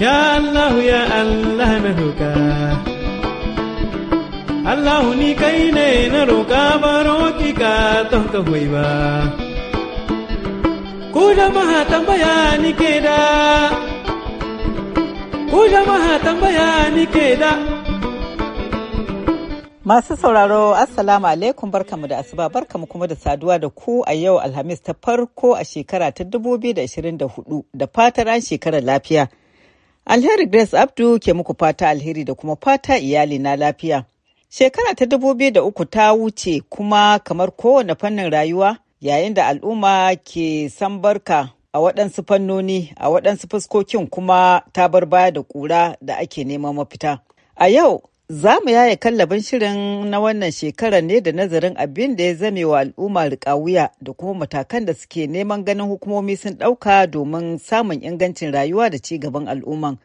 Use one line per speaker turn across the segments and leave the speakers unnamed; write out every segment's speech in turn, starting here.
Ya Allah ya Allah ni kai ne na baro ki ka ka ba Masu sauraro Assalamu alaikum barkamu da asuba barkamu kuma da saduwa da ku a yau Alhamis ta farko a shekara ta 2024 da fatar an shekarar lafiya. Alheri Grace Abdu ke muku fata alheri da kuma fata iyali na lafiya. Shekara ta dubu biyu da uku ta wuce kuma kamar kowane fannin rayuwa yayin da al'umma ke san barka a waɗansu fannoni a waɗansu fuskokin kuma ta bar baya da ƙura da ake neman mafita. A yau Za mu yaya kallabin shirin na wannan shekarar ne da nazarin abin da ya zame wa al'umma rikawuya da kuma matakan da suke neman ganin hukumomi sun ɗauka domin samun ingancin rayuwa da ci gaban al'umman.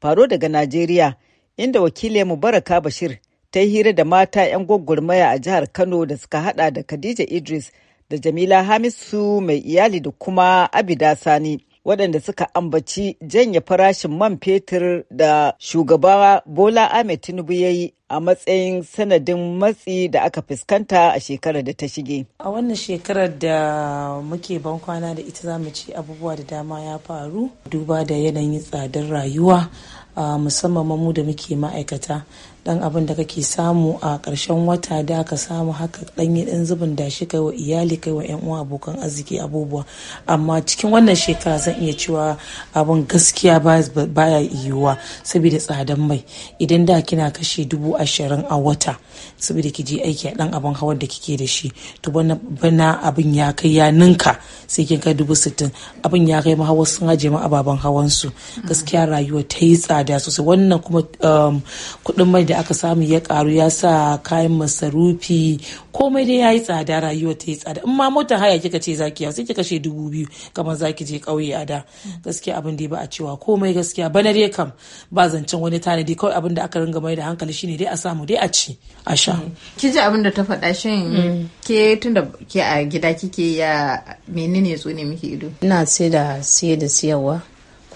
Faro daga Najeriya, inda wakilin Mubaraka Bashir ta yi hira da mata 'yan gwaggwarmaya a jihar Kano da suka hada da Khadija Idris da Jamila Hamisu mai iyali da kuma Abida Sani. waɗanda suka ambaci janye farashin man fetur da shugaba Bola Ahmed Tinubu ya yi a matsayin sanadin matsi da aka fuskanta a shekarar da ta shige.
A wannan shekarar da muke ban kwana da ita zamu ci abubuwa da dama ya faru duba da yanayin tsadar rayuwa ah, musamman mu da muke ma'aikata dan abin da kake samu a ƙarshen wata da ka samu haka dan yi dan zubin da shi kai wa iyali kai wa yan uwa abokan arziki abubuwa amma cikin wannan shekara zan iya cewa abin gaskiya baya yiwuwa saboda tsadan mai idan da kina kashe dubu ashirin a wata saboda ki je aiki a ɗan abin hawan da kike da shi to bana abin ya kai ya ninka sai kin kai dubu sittin abin ya kai mahawar sun haje ma ababen hawan su gaskiya rayuwa ta yi tsada sosai wannan kuma um, kuɗin mai da aka samu ya karu ya sa kayan masarufi komai dai ya yi tsada rayuwa ta yi tsada in ma mota haya kika ce za yau sai kika kashe dubu biyu kamar ki je kauye a da gaskiya abin da ba a cewa komai gaskiya bana dai kam ba zancen wani tanadi kawai abin da aka ringa mai da hankali shine dai a samu dai a ci a sha
mm. ki ji abin da ta faɗa shin mm. ke tunda ke a gida kike ya
menene tsone miki ido ina sai da siye da siyarwa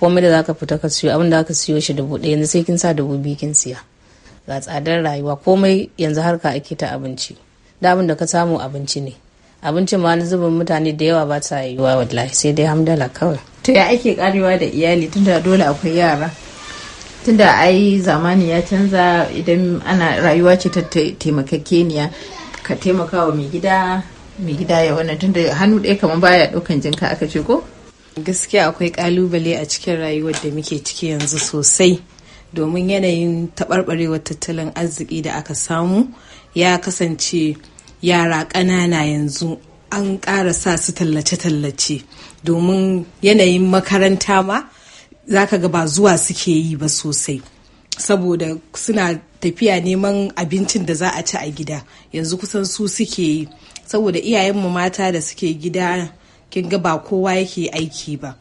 komai da zaka fita ka siyo abin da aka siyo shi dubu ɗaya yanzu sai kin sa dubu biyu kin siya ga tsadar rayuwa komai yanzu harka ake ta abinci abin da ka samu abinci ne abincin ma na zubin mutane da yawa ba ta yiwa wallahi sai dai hamdala kawai to ya ake karewa da iyali tunda dole akwai yara
tunda ai zamani ya canza idan ana rayuwa ce ta taimakakeniya ka taimaka wa mai gida mai gida ya wannan tunda hannu ɗaya kamar baya
ɗaukan jinka aka ce ko gaskiya akwai kalubale a cikin rayuwar da muke ciki yanzu sosai domin yanayin taɓarɓarewar tattalin arziki da aka samu ya kasance yara ƙanana yanzu an ƙara sa su tallace-tallace domin yanayin makaranta ma za ka ga ba zuwa suke yi ba sosai saboda suna tafiya neman abincin da za a ci a gida yanzu kusan su suke yi saboda iyayenmu mata da suke gida kin ga ba kowa yake aiki ba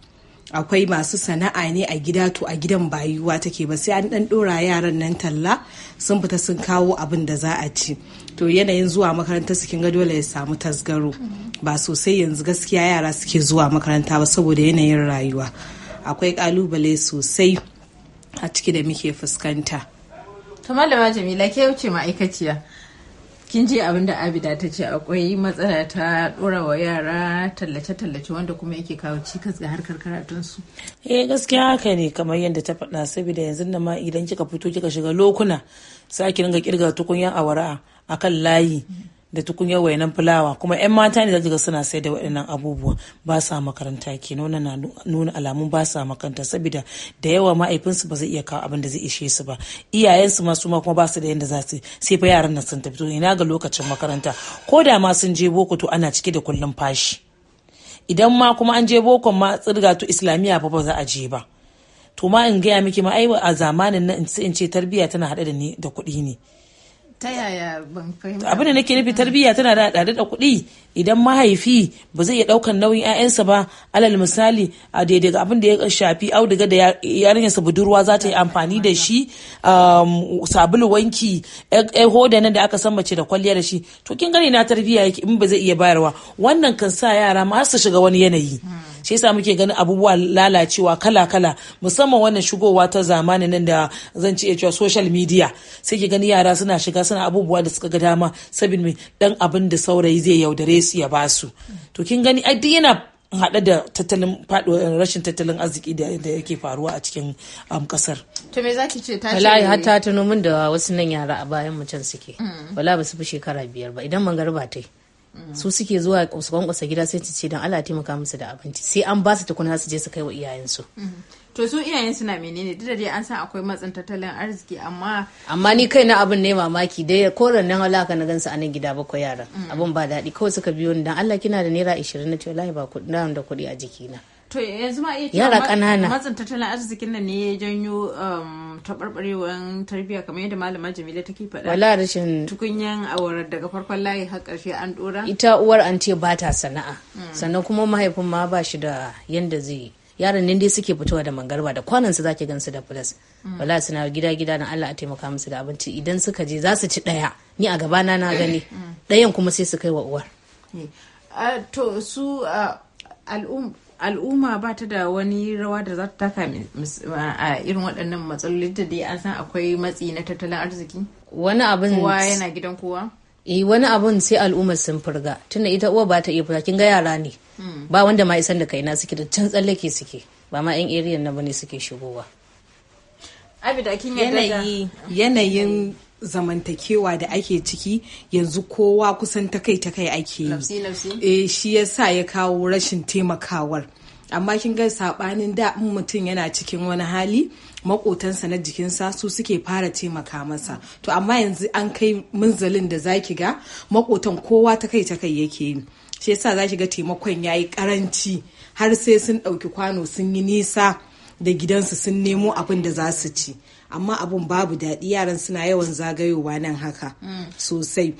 akwai masu sana'a ne a gida to a gidan bayuwa take ba sai an dan dora yaran nan talla sun fita sun kawo abin da za a ci to yanayin zuwa makaranta su ga dole ya samu tasgaro ba sosai yanzu gaskiya yara suke zuwa makaranta ba saboda yanayin rayuwa akwai kalubale sosai a ciki da muke fuskanta
to malama jamila ke wuce ma'aikaciya kin ji abin da abida ta ce akwai matsala ta dora wa yara tallace-tallace wanda kuma yake kawo cikas ga harkar karatunsu eh gaskiya haka ne kamar yadda ta faɗa
saboda yanzu na ma idan kika fito kika shiga lokuna sai ki ringa kirga tukunyan awara akan layi da tukunyar wayanan fulawa kuma 'yan mata ne zai ga suna sai da waɗannan abubuwa ba sa makaranta ke nuna na nuna alamun ba sa makaranta saboda da yawa ma'aifinsu ba zai iya kawo abin da zai ishe su ba iyayensu ma su ma kuma ba su da yadda za su sai fa yaran na sun tafi to ina ga lokacin makaranta ko da ma sun je boko to ana cike da kullum fashi idan ma kuma an je bokon ma tsirga to islamiyya ba ba za a je ba to ma in gaya miki ma ai a zamanin nan in ce tarbiyya tana haɗe da ni da kuɗi ne
ta yaya ban fahimta
abin da nake nufi tarbiyya tana da haɗe da kuɗi idan mahaifi ba zai iya ɗaukan nauyin 'ya'yansa ba alal misali a daidai abin da ya shafi auduga da sa budurwa za ta yi amfani da shi um, sabulu wanki hoda nan da aka san mace da kwalliya da shi to kin gani na tarbiyya yake in ba zai iya bayarwa wannan kan sa yara ma su shiga wani yanayi. Hmm. shi yasa muke ganin abubuwa lalacewa kala kala musamman wannan shigowa ta zamani nan da zan ce cewa social media sai ki gani yara suna shiga suna abubuwa da suka ga dama sabin dan abin da saurayi zai yaudare su ya basu to kin gani ai yana haɗe da tattalin rashin tattalin arziki da yake faruwa a cikin kasar.
Um, to me zaki ce ta ce? Wallahi har ta
tuno min da wasu nan yara a bayan mutum suke. Wallahi ba su fi shekara biyar ba idan mangarba ta yi. su suke zuwa su kwankwasa gida sai su ce don Allah taimaka musu da abinci sai an ba su tukuna su je su kai wa iyayensu
to su iyayen suna menene duk da dai an san akwai matsin tattalin arziki amma
amma ni kai na abin ne mamaki dai koran nan halaka na gansu a nan gida bakwai yaran mm. abin ba daɗi kawai suka biyo ni dan Allah kina da naira 20 na ce wallahi ba kuɗi da kuɗi a jikina
to yanzu ma iya yara kanana matsin tattalin arzikin nan ne ya janyo um, taɓarɓarewar tarbiyya kamar yadda malama jamila take faɗa wala rashin tukunyan awarar daga farkon layi har ƙarshe an ɗora
ita uwar an ce ba ta sana'a sannan kuma mahaifin ma ba shi da yanda zai yaran nan dai suke fitowa da mangarba da kwanansu za ki gansu da plus wala suna gida gida na Allah a taimaka musu da abinci idan suka je za su ci ɗaya ni a gabana na gani mm. ɗayan kuma sai su kai wa uwar
eh, to su al'um al'umma ba ta da wani rawa da za ta taka a irin waɗannan matsaloli da dai an san akwai matsi na tattalin arziki
wani abin kowa yana
gidan kowa
eh wani abun sai al'ummar sun furga tunda ita uwa ba ta iya fita kin ga yara ne hmm. ba wanda ma isan da kaina suke da can tsallake suke ba ma yan area na bane suke shigowa
abida kin yadda
yanayin zamantakewa da ake ciki
yanzu kowa kusan takai takai ake yi eh, shi shi sa ya kawo rashin taimakawar amma kin ga sabanin da mutum yana cikin wani hali makotansa na jikinsa su suke fara taimaka masa to amma yanzu an kai munzalin da zaki ga makotan kowa ta kai yake yi shi ya za zaki ga taimakon ya yi karanci har sai sun ɗauki kwano sun yi nisa da gidansu sun nemo abin da za su ci amma abun babu daɗi yaran suna yawan zagayowa nan haka mm. sosai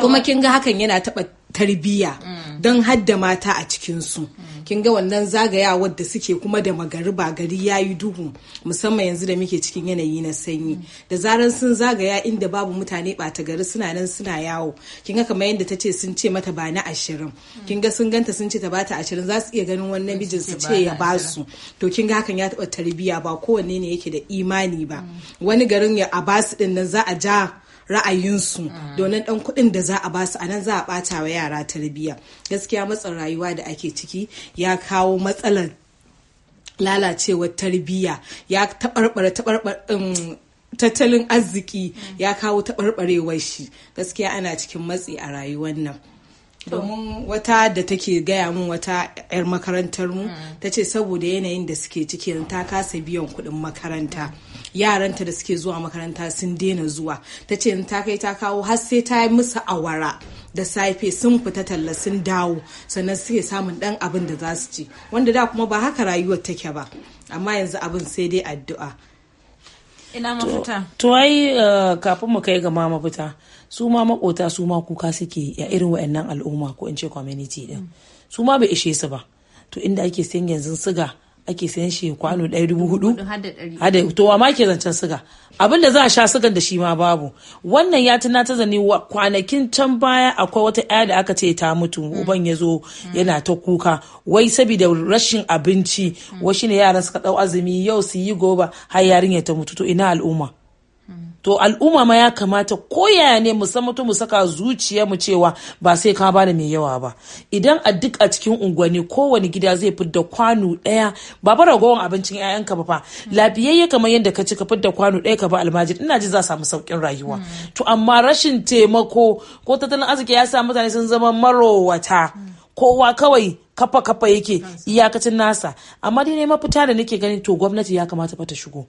kuma kin ga hakan yana taɓa tarbiyya mm. don hadda mata a cikinsu mm. kin ga wannan zagaya da suke kuma da magari ba gari ya yi duhu musamman yanzu da muke cikin yanayi na sanyi mm. da zarar sun zagaya inda babu mutane ɓata gari suna nan suna yawo kin ga kamar yadda ta ce sun ce mata ba na ashirin kin ga sun ganta sun ce ta bata ashirin za su iya ganin wannan mijin su ce ya basu to kin ga hakan ya taɓa tarbiyya ba kowanne ne yake da imani ba wani garin ya a basu ɗin za a ja ra'ayinsu mm. domin dan kuɗin da za a basu a nan za a ɓata wa yara tarbiyya gaskiya matsin rayuwa da ake ciki ya kawo matsalar lalacewar tarbiyya ya taɓarɓare taɓarɓare um, tattalin arziki mm. ya kawo taɓarɓarewar shi gaskiya ana cikin matsi a rayuwar nan domin wata da take gaya min wata 'yar makarantar mu mm. ta ce saboda yanayin da suke ciki ta kasa biyan kuɗin makaranta. yaranta da suke zuwa makaranta sun daina zuwa ta ce ta kai ta kawo har sai ta yi musu awara da safe sun fita talla sun dawo sannan suke samun dan abin da za su ci wanda da kuma ba haka rayuwar take ba amma yanzu abin sai dai addu'a ina mafita
to ai eh, kafin mu kai ga ma mafita su ma makota su ma kuka suke ya irin wayannan al'umma ko in ce community din su ma bai ishe su ba to inda ake sayan yanzu siga ake sayan shi kwano ɗaya dubu hudu hada to amma ke zancen siga abin da za a sha sigan da shi ma babu wannan ya tuna ta zane kwanakin can baya akwai wata ɗaya da aka ce ta mutu mm. uban ya zo mm. yana ta kuka wai saboda rashin abinci mm. wasu ne yaran suka ɗau azumi yau su yi goba har yarinya ta mutu to ina al'umma to al'umma ma ya kamata yaya ne mu san mu saka zuciya mu cewa ba sai ka bani mai yawa ba idan a duk a cikin unguwanni kowane gida zai fidda kwano daya ba bara gowon abincin ka ba fa lafiyayye kamar yadda ka ci ka fidda kwano daya ka ba almajiri ina ji za samu saukin rayuwa hmm. to amma rashin taimako ko tattalin arziki ya sa mutane sun zama marowata kowa kawai kafa kafa yake iyakacin nasa amma dai ne mafita da nake ganin to gwamnati ya kamata fa ta shigo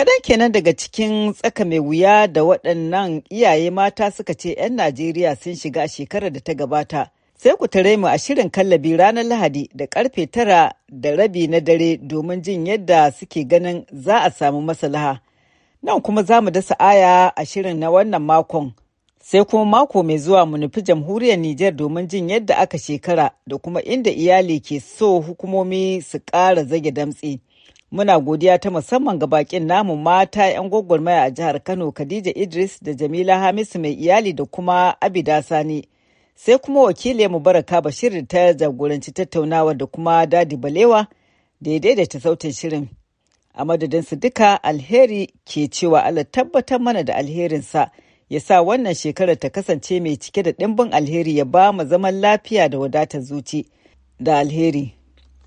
Kaɗan kenan daga cikin tsaka mai wuya da waɗannan iyaye mata suka ce 'yan Najeriya sun shiga shekarar da ta gabata. Sai ku tare mu a shirin kallabi ranar Lahadi da karfe tara da rabi na dare domin jin yadda suke ganin za a samu maslaha. Nan kuma za mu dasa aya a shirin na wannan makon. Sai kuma mako mai zuwa mu nufi jamhuriyar Nijar domin jin yadda aka shekara da kuma inda iyali ke so hukumomi su ƙara zage damtse. Muna godiya ta musamman ga bakin namu mata 'yan gwagwarmaya a jihar Kano Khadija Idris da Jamila Hamisu mai iyali da kuma Abida Sani. Sai kuma wakili mu baraka Bashir ta jagoranci tattaunawa da kuma Dadi Balewa daidai da ta sautin shirin. A madadin su duka alheri ke cewa Allah tabbatar mana da alherinsa ya sa wannan shekarar ta kasance mai cike da ɗimbin alheri ya ba mu zaman lafiya da wadatar zuci da alheri.